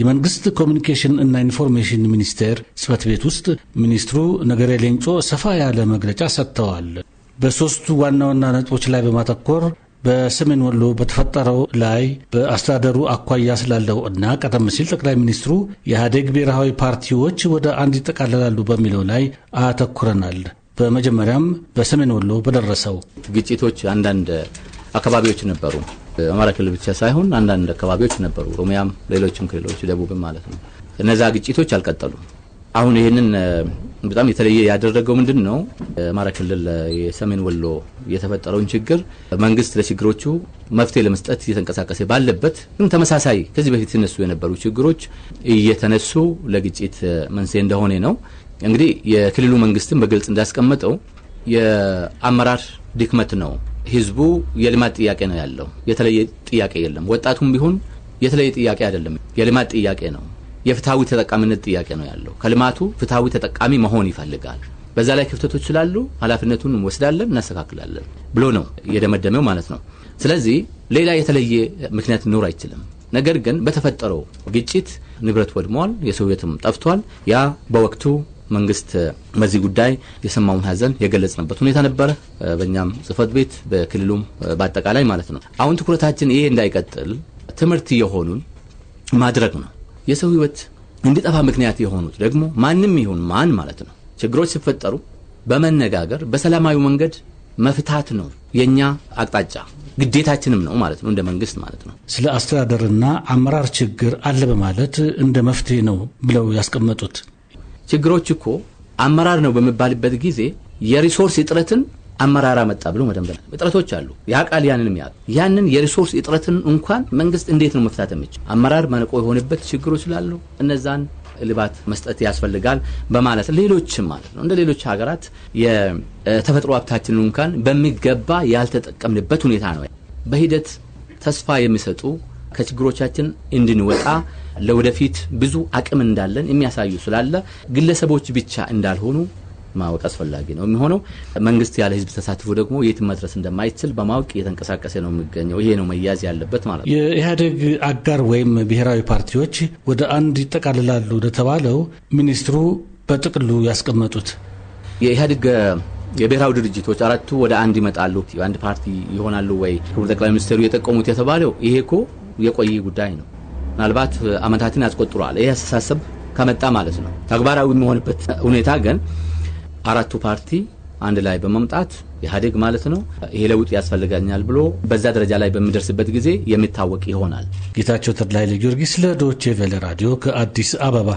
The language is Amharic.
የመንግስት ኮሚኒኬሽን እና ኢንፎርሜሽን ሚኒስቴር ጽህፈት ቤት ውስጥ ሚኒስትሩ ነገሬ ሌንጮ ሰፋ ያለ መግለጫ ሰጥተዋል። በሶስቱ ዋና ዋና ነጥቦች ላይ በማተኮር በሰሜን ወሎ በተፈጠረው ላይ በአስተዳደሩ አኳያ ስላለው እና ቀደም ሲል ጠቅላይ ሚኒስትሩ የኢህአዴግ ብሔራዊ ፓርቲዎች ወደ አንድ ይጠቃለላሉ በሚለው ላይ አተኩረናል። በመጀመሪያም በሰሜን ወሎ በደረሰው ግጭቶች አንዳንድ አካባቢዎች ነበሩ። አማራ ክልል ብቻ ሳይሆን አንዳንድ አካባቢዎች ነበሩ፣ ኦሮሚያም፣ ሌሎችም ክልሎች ደቡብም ማለት ነው። እነዛ ግጭቶች አልቀጠሉም። አሁን ይህንን በጣም የተለየ ያደረገው ምንድን ነው? አማራ ክልል የሰሜን ወሎ የተፈጠረውን ችግር መንግስት ለችግሮቹ መፍትሄ ለመስጠት እየተንቀሳቀሰ ባለበት፣ ግን ተመሳሳይ ከዚህ በፊት ሲነሱ የነበሩ ችግሮች እየተነሱ ለግጭት መንስኤ እንደሆነ ነው። እንግዲህ የክልሉ መንግስትም በግልጽ እንዳስቀመጠው የአመራር ድክመት ነው ህዝቡ የልማት ጥያቄ ነው ያለው። የተለየ ጥያቄ የለም። ወጣቱም ቢሆን የተለየ ጥያቄ አይደለም። የልማት ጥያቄ ነው። የፍትሐዊ ተጠቃሚነት ጥያቄ ነው ያለው። ከልማቱ ፍትሐዊ ተጠቃሚ መሆን ይፈልጋል። በዛ ላይ ክፍተቶች ስላሉ ኃላፊነቱን እንወስዳለን፣ እናስተካክላለን ብሎ ነው የደመደመው ማለት ነው። ስለዚህ ሌላ የተለየ ምክንያት ኖር አይችልም። ነገር ግን በተፈጠረው ግጭት ንብረት ወድሟል፣ የሰውየትም ጠፍቷል። ያ በወቅቱ መንግስት በዚህ ጉዳይ የሰማውን ሀዘን የገለጽንበት ሁኔታ ነበረ። በእኛም ጽህፈት ቤት በክልሉም በአጠቃላይ ማለት ነው። አሁን ትኩረታችን ይሄ እንዳይቀጥል ትምህርት የሆኑን ማድረግ ነው። የሰው ህይወት እንዲጠፋ ምክንያት የሆኑት ደግሞ ማንም ይሁን ማን ማለት ነው ችግሮች ሲፈጠሩ በመነጋገር በሰላማዊ መንገድ መፍታት ነው የእኛ አቅጣጫ ግዴታችንም ነው ማለት ነው፣ እንደ መንግስት ማለት ነው። ስለ አስተዳደርና አመራር ችግር አለ በማለት እንደ መፍትሄ ነው ብለው ያስቀመጡት ችግሮች እኮ አመራር ነው በሚባልበት ጊዜ የሪሶርስ እጥረትን አመራር አመጣ ብሎ መደምደም እጥረቶች አሉ። የአቃል ያንንም ያ ያንን የሪሶርስ እጥረትን እንኳን መንግስት እንዴት ነው መፍታት የምችል አመራር ማነቆ የሆነበት ችግሮች ስላሉ እነዛን ልባት መስጠት ያስፈልጋል በማለት ሌሎችም ማለት ነው እንደ ሌሎች ሀገራት የተፈጥሮ ሀብታችንን እንኳን በሚገባ ያልተጠቀምንበት ሁኔታ ነው። በሂደት ተስፋ የሚሰጡ ከችግሮቻችን እንድንወጣ ለወደፊት ብዙ አቅም እንዳለን የሚያሳዩ ስላለ ግለሰቦች ብቻ እንዳልሆኑ ማወቅ አስፈላጊ ነው የሚሆነው። መንግስት ያለ ህዝብ ተሳትፎ ደግሞ የትም መድረስ እንደማይችል በማወቅ እየተንቀሳቀሰ ነው የሚገኘው። ይሄ ነው መያዝ ያለበት ማለት ነው። የኢህአዴግ አጋር ወይም ብሔራዊ ፓርቲዎች ወደ አንድ ይጠቃልላሉ ለተባለው ሚኒስትሩ በጥቅሉ ያስቀመጡት የኢህአዴግ የብሔራዊ ድርጅቶች አራቱ ወደ አንድ ይመጣሉ፣ አንድ ፓርቲ ይሆናሉ ወይ? ክቡር ጠቅላይ ሚኒስትሩ የጠቆሙት የተባለው ይሄ እኮ የቆየ ጉዳይ ነው። ምናልባት አመታትን ያስቆጥሯል። ይህ አስተሳሰብ ከመጣ ማለት ነው። ተግባራዊ የሚሆንበት ሁኔታ ግን አራቱ ፓርቲ አንድ ላይ በመምጣት ኢህአዴግ ማለት ነው ይሄ ለውጥ ያስፈልገኛል ብሎ በዛ ደረጃ ላይ በሚደርስበት ጊዜ የሚታወቅ ይሆናል። ጌታቸው ተድላይ ለጊዮርጊስ ለዶቼ ቬለ ራዲዮ ከአዲስ አበባ